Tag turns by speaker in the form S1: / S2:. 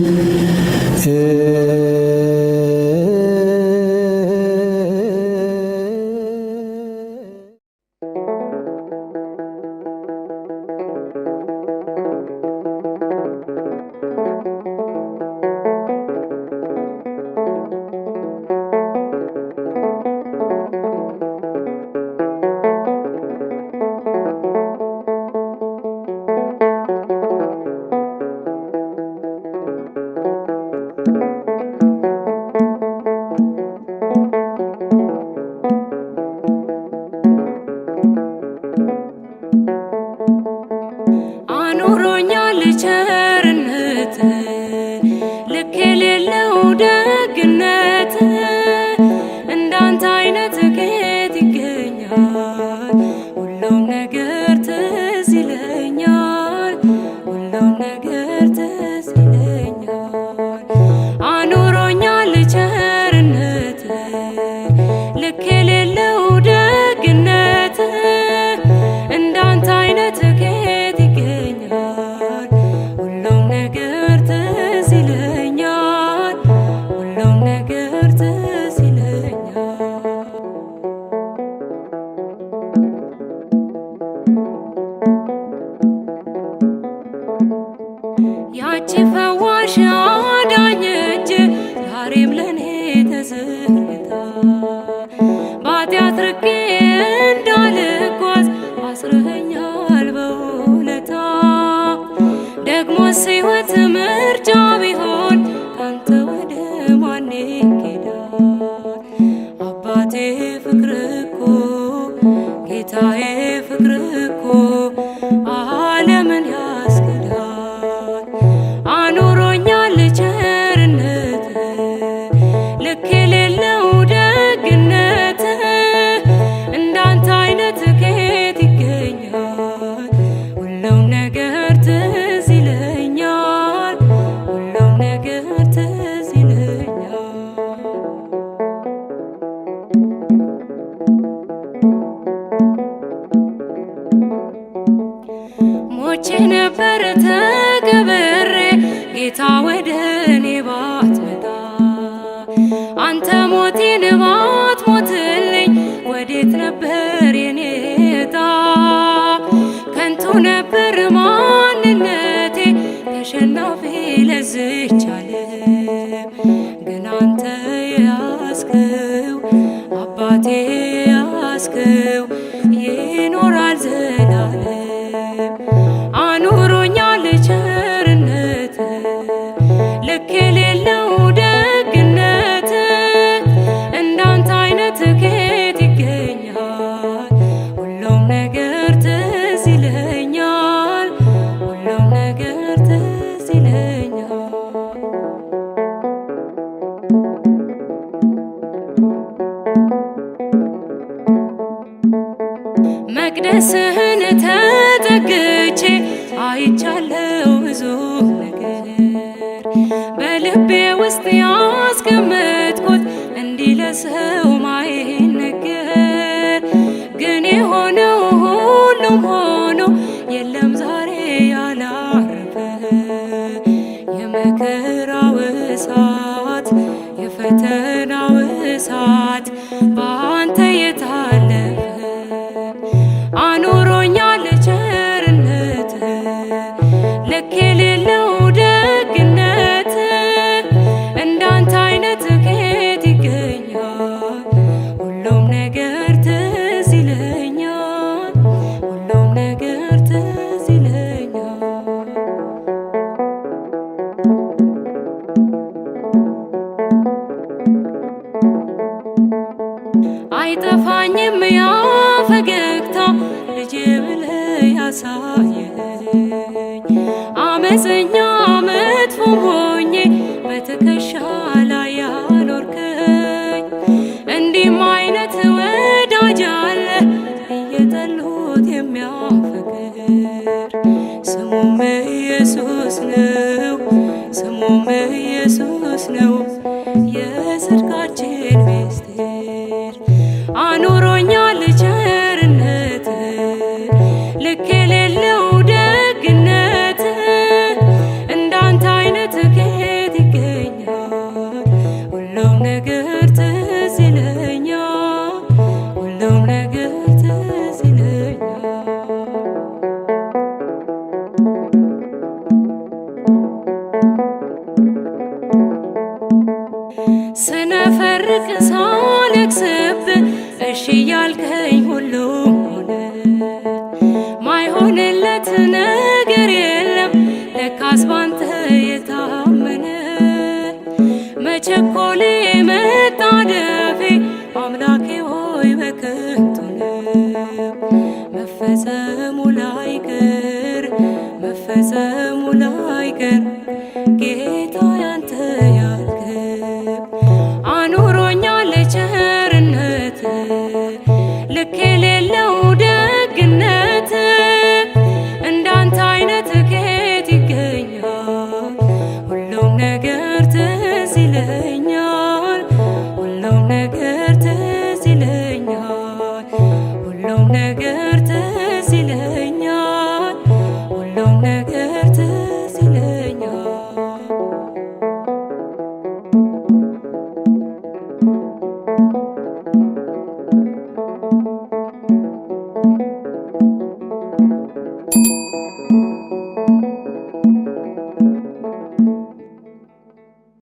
S1: Eh... ፈዋሽ አዳኝ እጅ ዛሬም ለኔ ተዘርግታ ባጢአት ርቄ እንዳልጓዝ በውለታ ደግሞ ሕይወት ምርጫ ቢሆን ካንተ ወደ ማን አባቴ ፍቅርኮ ጌታዬ ነበር ተገብሬ ጌታ ወደ እኔ ባትመጣ አንተ ሞቴን ባትሞትልኝ ወዴት ነበር የኔ ዕጣ? ከንቱ ነበር ማንነቴ ተሸናፊ ለዝች ዓለም ግን አንተ ያስክው አባቴ ያስክው ይኖራል ዘላ ራስህን ተጠግቼ አይቻለው ብዙ ነገር ሁሉም ነገር ትዝ ይለኛል፣ ሁሉም ነገር ትዝ ይለኛል። አይጠፋኝም ያ ፈገግታ ልጄ ብለህ ያሳ ስሙም ኢየሱስ ነው፣ ስሙ ኢየሱስ ነው። የጽድቃችን ምስጢር አኑሮኛል ቸርነት፣ ልክ የሌለው ደግነት። እንዳንተ አይነት ከየት ይገኛል? ሁሉም ነገር ትዝ ይለኛል ሁሉም ሳልፈርቅ ሳልክስብህ እሺ ያልከኝ ሁሉ ሆነ። ማይሆንለት ነገር የለም ለካስ ባንተ የታመነ መቸኮሌ መጣደፌ አምላኬ ሆይ በከንቱ ነው መፈጸሙ ላይቀር መፈጸሙ ላይቀር ጌታ ያንተ ያልከኝ ልክ የሌለው ደግነት እንዳንተ አይነት ከየት ይገኛል? ሁሉም ነገር ትዝ ይለኛል፣ ሁሉም ነገር ትዝ ይለኛል፣ ሁሉም ነገር ትዝ ይለኛል፣ ሁሉም ነገር ትዝ ይለኛል።